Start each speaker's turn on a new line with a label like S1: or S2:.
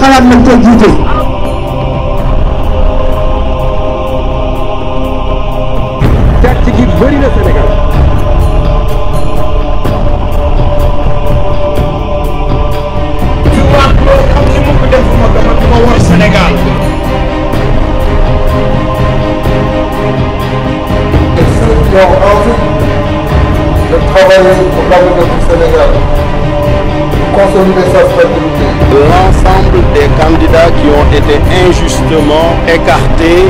S1: xalaat nañ ko jiite
S2: càcc gi bëri na Sénégal
S3: ñu wax loolu xam ni mu ko defuma ko man ma war Sénégal
S4: ceux qui ont envie de travailler
S5: pour l'avenir du Sénégal
S6: consolider sa stabilité
S5: des candidats qui ont été injustement écartés